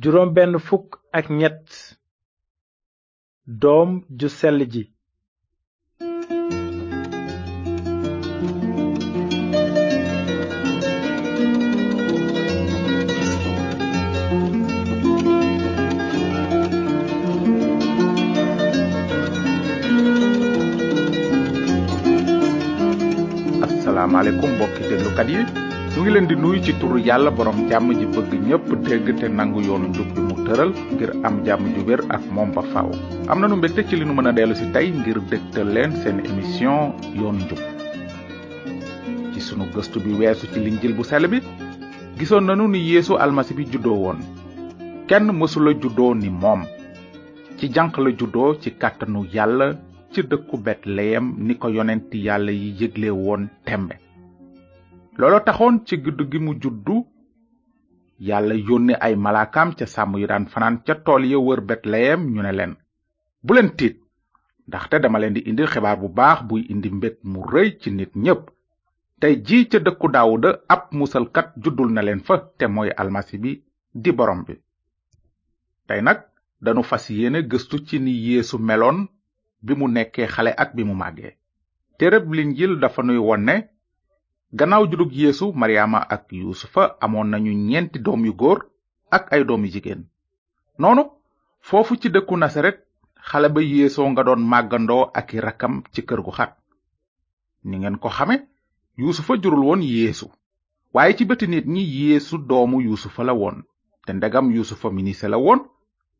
juróom benn fukk ak ñett doom ju sell ji asalaamaaleykum mbokki déglukat yi mu ngi leen di nuyu ci turu yàlla borom jàmm ji bëgg ñépp dégg te nangu yoonu njub bi mu tëral ngir am jàmm ju wér ak moom ba faaw am nanu mbégte ci li nu mën a dellu si tey ngir dégtal leen seen émission yoonu njub ci sunu gëstu bi weesu ci linjil bu sell bi gisoon nanu ni yéesu almasi bi juddoo woon kenn mësula juddoo ni moom ci janq la juddoo ci kàttanu yàlla ci dëkku betleyem ni ko yonent yàlla yi yëgle woon tembe looloo taxoon ci guddu gi mu juddu yàlla yónne ay malaakaam ca sàmm yu daan fanaan ca tool ya wër betleyem ñu ne leen bu leen tiit ndaxte dama leen di indil xibaar bu baax buy indi mbég mu rëy ci nit ñépp tey ji ca dëkku daawuda ab musalkat juddul na leen fa te mooy almasi bi di borom bi tey nag danu fas yéene gëstu ci ni yéesu meloon bi mu nekkee xale ak bi mu màggee téereb linjil dafa nuy won ne gannaaw jurug yéesu maryaama ak yuusufa amoon nañu ñeenti doom yu góor ak ay doom yu jigéen noonu foofu ci dëkku nasaret xale ba yeesoo nga doon màggandoo ak i rakkam ci kër gu xat ni ngeen ko xame yuusufa jurul woon yéesu waaye ci bëti nit ñi yeesu doomu yuusufa la woon te ndegam yuusufa minise la woon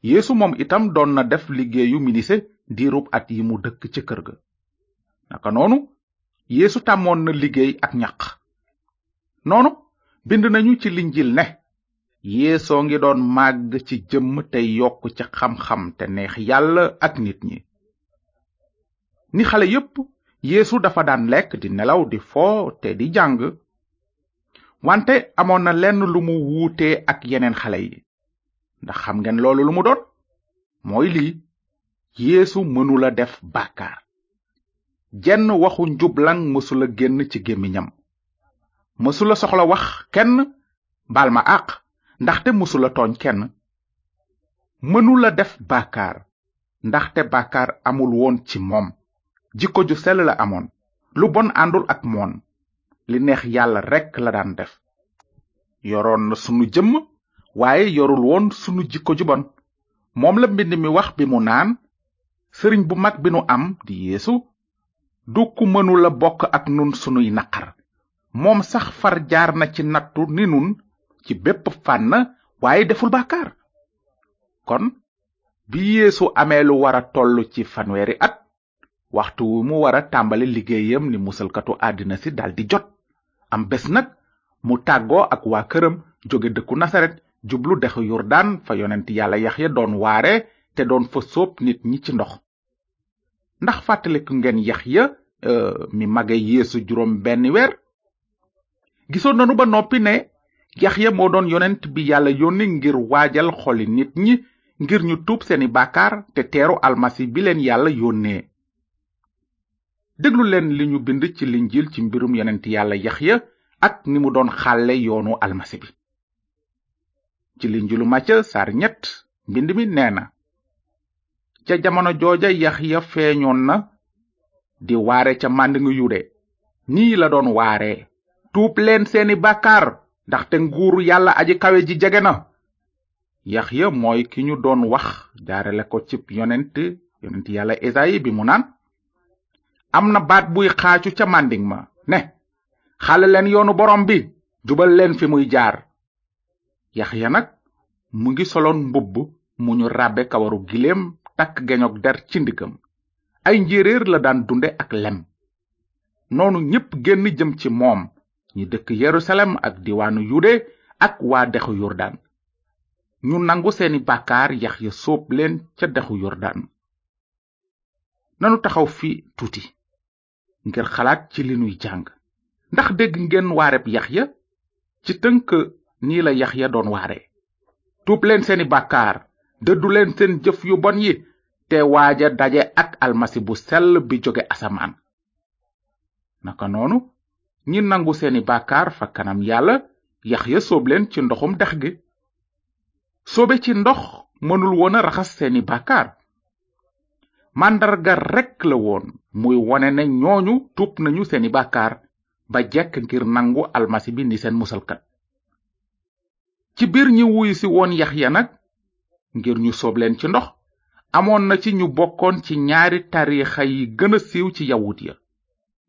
yéesu moom itam doon na def liggéeyu minise diirub at yi mu dëkk ci kër ga naka noonu yéesu tàmmoon na liggéey ak ñaq noonu bind nañu ci linjil ne yeesoo ngi doon màgg ci jëmm te yokk ci xam-xam te neex yàlla ak nit ñi ni xale yépp yéesu dafa daan lekk di nelaw di foo te di jàng wante amoon na lenn lu mu wuutee ak yeneen xale yi ndax xam ngeen loolu lu mu doon mooy lii yéesu mënula def bàkkaar jenn waxu njublan mësula génn ci gémmiñam mësula soxla wax kenn baal ma àq ndaxte mësula tooñ kenn mënula def baakaar ndaxte baakaar amul woon ci moom jikko ju sell amoon lu bon àndul ak moon li neex yàlla rekk la daan def yoroon na sunu jëmm waaye yorul woon sunu jikko ju bon moom la mbind mi wax bi mu naan sëriñ bu mag bi nu am di yéesu du ku mënula bokk ak nun sunuy naqar moom sax far jaar na ci nattu ni nun ci bépp na waaye deful bàkkaar kon bi yeesu amee lu wara tollu ci fanweeri at waxtu wu mu wara tàmbali liggéeyam ni musalkatu àddina si di jot am bés nag mu tàggoo ak waa këram jóge dëkku nasaret jublu dexu yordaan fa yonent yàlla yaxya doon waare te doon fa sóob nit ñi ci ndox ndax fàttaliku ngeen Yaxya euh, mi mage yeesu juróom benn weer gisoon nanu ba noppi ne Yaxya moo doon yonent bi yàlla yónni ngir waajal xoli nit ñi ngir ñu tuub seeni bàkkaar te teeru almasi bi leen yàlla yónnee déglu leen li ñu bind ci linjiil ci mbirum yonent yàlla yax ya ak ni mu doon xàlle yoonu almasi bi ci linjiilu Màcca saar ñett mbind mi nee na ca jamono jooja yaxya feeñoon na di waare ca màndingu yude nii la doon waare tuub leen seeni bàkkaar ndaxte nguur yàlla aji kawe ji jege na yaxya mooy ki ñu doon wax jaarale ko cib yonent yonent yàlla esayi bi mu naan am na baat buy xaacu ca mànding ma ne xale leen yoonu borom bi jubal leen fi muy jaar yaxya nag mu ngi soloon mbubb mu ñu ràbbe kawaru giléem takk geñoog der ci ndigam ay njéeréer la daan dunde ak lem noonu ñépp génn jëm ci moom ñu dëkk yerusalem ak diwaanu yude ak waa dexu yordaan ñu nangu seeni bàkkaar yax ya sóob leen ca dexu yordaan nanu taxaw fi tuuti ngir xalaat ci li nuy jàng ndax dégg ngeen yax ya ci tënk nii la ya doon waare tuub leen seeni bàkkaar dëddu leen seen jëf yu bon yi te waaja daje ak almasi bu sell bi jóge asamaan naka noonu ñi nangu seeni bàkkaar fa kanam yàlla yaxya sóob leen ci ndoxum dex gi soobe ci ndox mënul woon a raxas seeni bàkkaar màndarga rekk la woon muy wone ne ñooñu tuub nañu seeni bàkkaar ba jekk ngir nangu almasi bi ni seen musalkat ci biir ñi wuyu si woon yaxya nag ngir ñu soob leen ci ndox amoon na ci ñu bokkoon ci ñaari tarixa yi gën a siiw ci yawut ya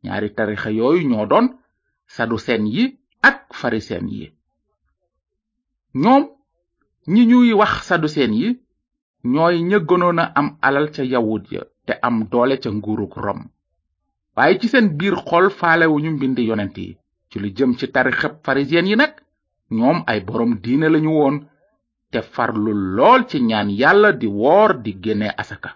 ñaari tarixa yooyu ñoo doon sadusen yi ak fariseen yi ñoom ñi ñuy wax sadusen yi ñooy ña gënoon a am alal ca yawut ya te am doole ca nguurug rom waaye ci seen biir xol faalewuñu mbindi yonent yi ci lu jëm ci tarixab farisiyen yi nag ñoom ay boroom diine lañu woon te farlu lool ci ñaan yàlla di woor di génne asaka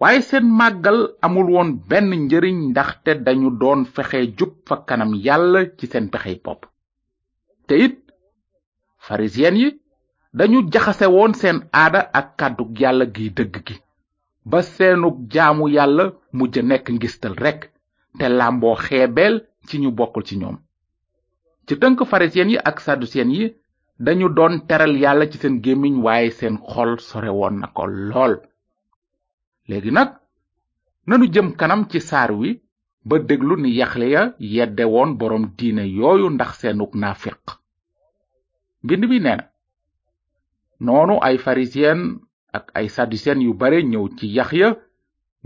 waaye seen màggal amul woon benn njëriñ ndaxte dañu doon fexe jub fa kanam yàlla ci seen pexey bopp te it farisiyen yi dañu jaxase woon seen aada ak kàddug yàlla gi dëgg gi ba seenug jaamu yàlla mujj nekk ngistal rekk te làmboo xeebeel ci ñu bokkul ci ñoom ci tënk farisiyen yi ak sadduseen yi dañu doon teral yàlla ci seen gémmiñ waaye seen xol sore woon na ko lool léegi nag nanu jëm kanam ci saar wi ba déglu ni yaxle ya yedde woon boroom diine yooyu ndax seenug naafiq mbind mi nee na noonu ay pharisien ak ay sadduseen yu bare ñëw ci ya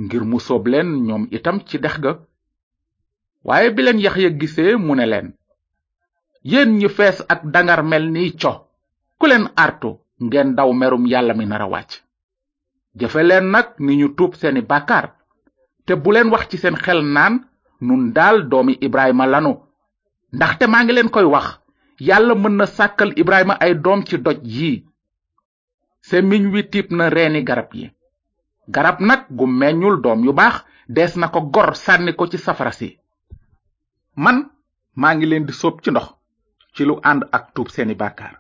ngir mu soob leen ñoom itam ci dex ga waaye bi leen ya gisee mu ne leen yéen ñu fees ak dangar mel ni co ku leen artu ngeen daw merum yàlla mi nara wàcc jëfe leen nag ni ñu tuub seeni bàkkaar te bu leen wax ci seen xel naan nun daal doomi ibrahima lanu ndaxte maa ngi leen koy wax yàlla mën na sàkkal ibrahima ay doom ci doj yii semiñ wi tiib na reeni garab yi garab nag gu meññul doom yu baax des na ko gor sànni ko ci safara si man maa ngi leen di sóob ci ndox ci lu ànd ak tuub seeni bàkkaar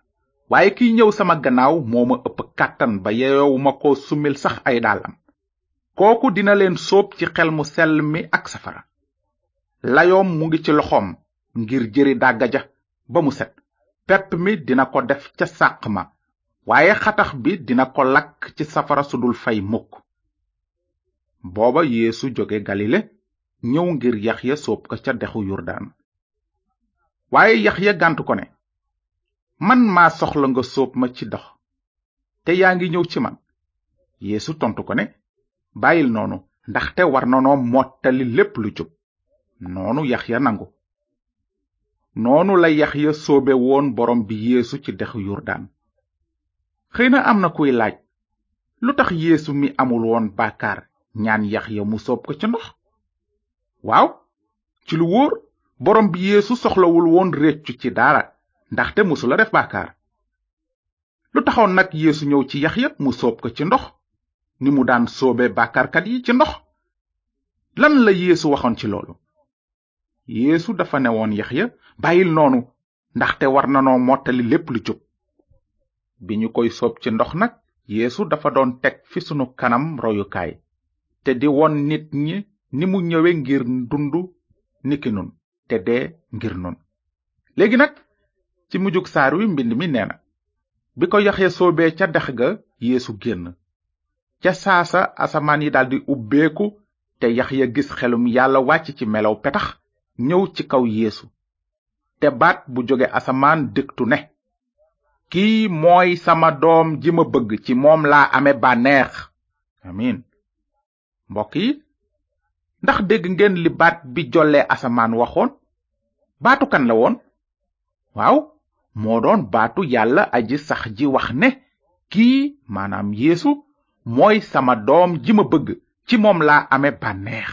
waaye kiy ñëw sama gannaaw moo ma ëpp kàttan ba yeyowu ko summil sax ay daalam kooku dina leen soob ci xel mu sell mi ak safara layoom mu ngi ci loxoom ngir jëri dàgga ja ba mu set pepp mi dina ko def ca sàq ma waaye xatax bi dina ko lakk ci safara su dul fay mukk booba yéesu jóge galile ñëw ngir ya soob ko ca dexu yurdaan waaye Yaxya gàntu ko ne man maa soxla nga sóob ma ci dox te yaa ngi ñëw ci man yéesu tontu ko ne bàyyil noonu ndaxte war na noo mottali lépp lu jub noonu Yaxya nangu noonu la Yaxya sóobe woon borom bi yéesu ci dexu Yordaan xëy na am na kuy laaj lu tax yéesu mi amul woon baakaar ñaan Yaxya mu sóob ko ci ndox waaw ci lu wóor borom bi yéesu soxlawul woon réccu ci dara ndaxte mësula def baakaar lu taxoon nag yéesu ñëw ci yax ya mu soob ko ci ndox ni mu daan soobe baakaarkat yi ci ndox lan la yéesu waxoon ci loolu yéesu dafa ne woon ya bàyyil noonu ndaxte war na nanoo mottali lépp lu jub bi ñu koy soob ci ndox nag yéesu dafa doon teg fi sunu kanam royukaay te di won nit ñi ni mu ñëwee ngir dund niki nun te ngir nun léegi nag ci mujjug saar wi mbind mi nee bi ko yaxya soobee ca dex ga yéesu génn ca saasa asamaan yi daldi ubbeeku te yax ya gis xelum yàlla wàcc ci melow petax ñëw ci kaw yeesu te baat bu jóge asamaan dëktu ne kii mooy sama doom ji ma bëgg ci moom laa ame bànneex amin mbokk yi ndax dégg ngeen libaat bi jolle asamaan waxoon baatu kan la woon waaw moo doon baatu yàlla aji sax ji wax ne kii maanaam yéesu mooy sama doom ji ma bëgg ci moom laa ame bànneex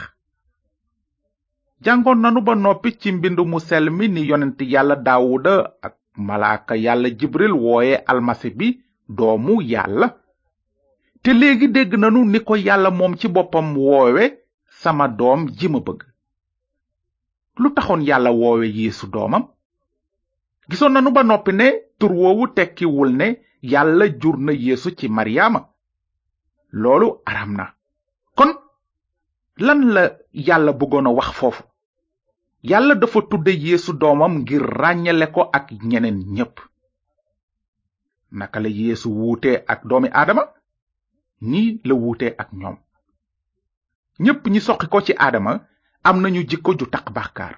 jàngoon nanu ba noppi ci mbind mu sel mi ni yonent yàlla daawuda ak malaaka yàlla jibril wooye almasi bi doomu yàlla te léegi dégg nanu ni ko yàlla moom ci boppam woowe sama doom ji ma bëgg lu taxoon yàlla woowe yeesu doomam gisoon nanu ba noppi ne tur woowu tekkiwul ne yàlla jur na yeesu ci maryaama loolu aram na kon lan la yàlla bëggoon a wax foofu yàlla dafa tudde yeesu doomam ngir ràññale ko ak ñeneen ñépp naka la yeesu wuute ak doomi aadama nii la wuute ak ñoom ñépp ñi soqi ko ci aadama am nañu jikko ju taq bàkkaar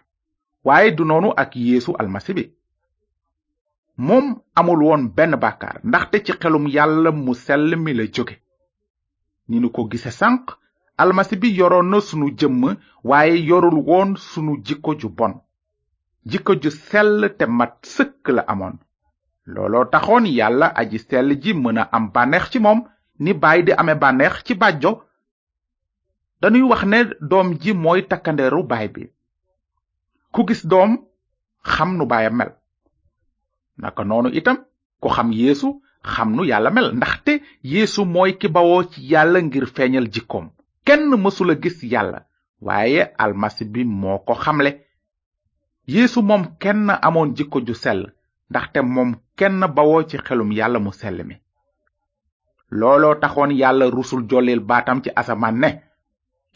waaye du noonu ak yéesu almasi bi moom amul woon benn bàkkaar ndaxte ci xelum yàlla mu sel mi la jóge ni nu ko gise sànq almasi bi yoroon na sunu jëmm waaye yorul woon sunu jikko ju bon jikko ju sell te mat sëkk la amoon looloo taxoon yàlla aji sell ji mën a am bànneex ci moom ni bàyyi di ame bànneex ci bàjjo dañuy wax ne doom ji mooy takkandeeru baay bi ku gis doom xam nu baayam mel naka noonu itam ku xam yéesu xam nu yàlla mel ndaxte yéesu mooy ki bawoo ci yàlla ngir feeñal jikkoom kenn mësula gis yàlla waaye almasi bi moo ko xamle yéesu moom kenn amoon jikko ju sell ndaxte moom kenn bawoo ci xelum yàlla mu sell mi looloo taxoon yàlla rusul jollil baatam ci asamaan ne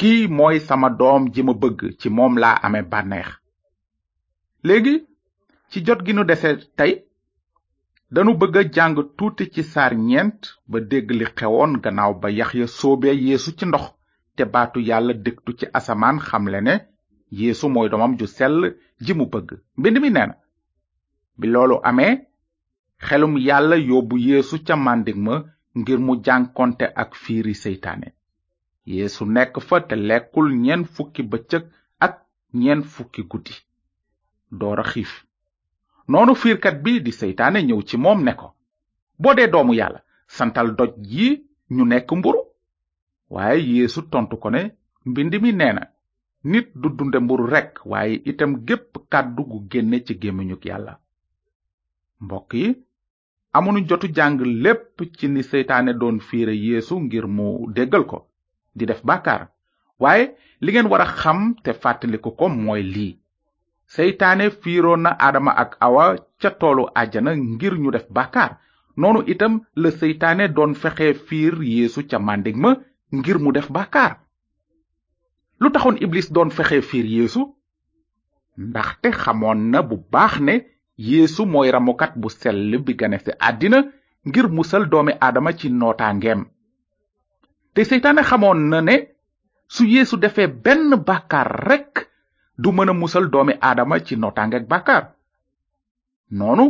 kii mooy sama doom ji ma bëgg ci moom laa amee bànneex léegi ci jot gi nu dese tey danu bëgg a jàng tuuti ci saar ñeent ba dégg li xewoon gannaaw ba Yaxya soobee yéesu ci ndox te baatu yàlla dégtu ci asamaan xamle ne Yeesu mooy doomam ju sell ji mu bëgg mbind mi nee na bi loolu amee xelum yàlla yóbbu yéesu ca màndig ma ngir mu jànkonte ak fiiri seytaane yeesu nekk fa te lekkul ñeent fukki bëccëg ak ñen fukki guddi doora xiif noonu fiirkat bi di seytaane ñëw ci moom ne ko boo dee doomu yàlla santal doj yi ñu nekk mburu waaye yeesu tontu ko ne mbind mi neena nit du dunde mburu rekk waaye itam gépp kàddu gu génne ci gémmiñuk yàlla mbokk yi amunu jotu jàng lépp ci ni seytaane doon fiire yeesu ngir mu déggal ko di def bàkkaar waaye li ngeen war a xam te fàttaliku ko mooy lii seytaane fiiroon na aadama ak awa ca toolu àjjana ngir ñu def bàkkaar noonu itam la seytaane doon fexe fiir yeesu ca màndig ma ngir mu def bàkkaar lu taxoon iblis doon fexe fiir yeesu ndaxte xamoon na bu baax ne yeesu mooy ramukat bu sel bi gane ci àddina ngir musal doomi aadama ci nootaangeem te seytaane xamoon na ne su yéesu defee benn bàkkaar rekk du mën a musal doomi aadama ci nootaangeeg bàkkaar noonu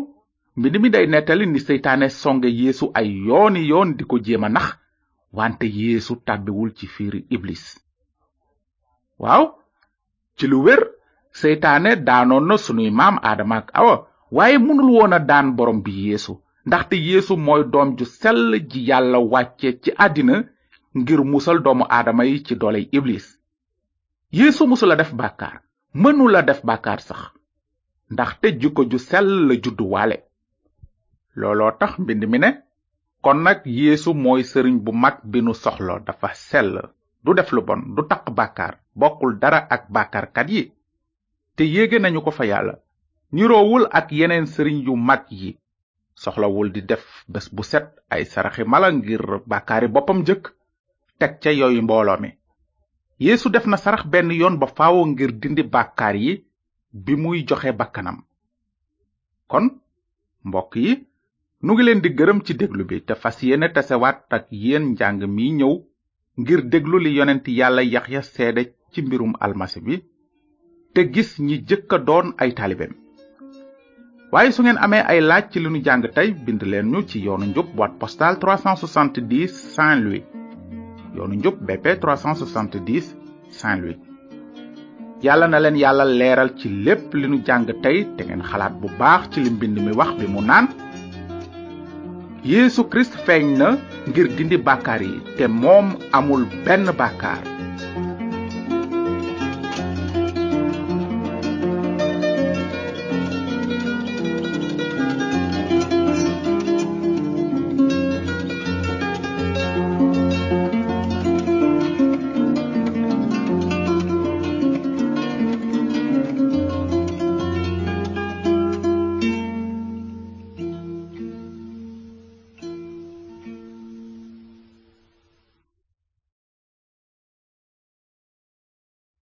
mbind mi day nettali ni seytaane songe yéesu ay yooni yoon di ko jéem a nax wante yeesu tàbbiwul ci fiir iblis waaw ci lu wér seytaane daanoon na sunuy maam aadama awa waaye mënul woon a daan borom bi yeesu ndaxte yéesu mooy doom ju sell ji yàlla wàcce ci àddina ngir musal doomu aadama yi ci doole iblis yeesu musula def mënul a def bàkkaar sax ndax ndaxte jikko ju sel la judduwaale looloo tax mbind mi ne kon nag yéesu mooy sëriñ bu mag bi nu soxlo dafa sell du def lu bon du taq bàkkaar bokkul dara ak bàkkaarkat yi te yéege nañu ko fa yàlla niroowul ak yeneen sëriñ yu mag yi soxlawul di def bés bu set ay saraxi mala ngir bàkkaari boppam jëkk teg ca yooyu mbooloo mi yéesu def na sarax benn yoon ba faawo ngir dindi bàkkaar yi bi muy joxe bakkanam kon mbokk yi nu ngi leen di gërëm ci déglu bi te fas yéene tasewaat ak yéen njàng mi ñëw ngir déglu li yonent yàlla ya seede ci mbirum almasi bi te gis ñi jëkk a doon ay taalibeem waaye su ngeen amee ay laaj ci li nu jàng tey bind leen ñu ci yoonu njub boîte postale 370 Saint-Louis yoonu njub BP 370 Saint-Louis yàlla na leen yàlla leeral ci lépp li nu jàng tey te ngeen xalaat bu baax ci li mbind mi wax bi mu naan Yeesu Kirist feeñ na ngir dindi bàkkaar yi te moom amul benn bàkkaar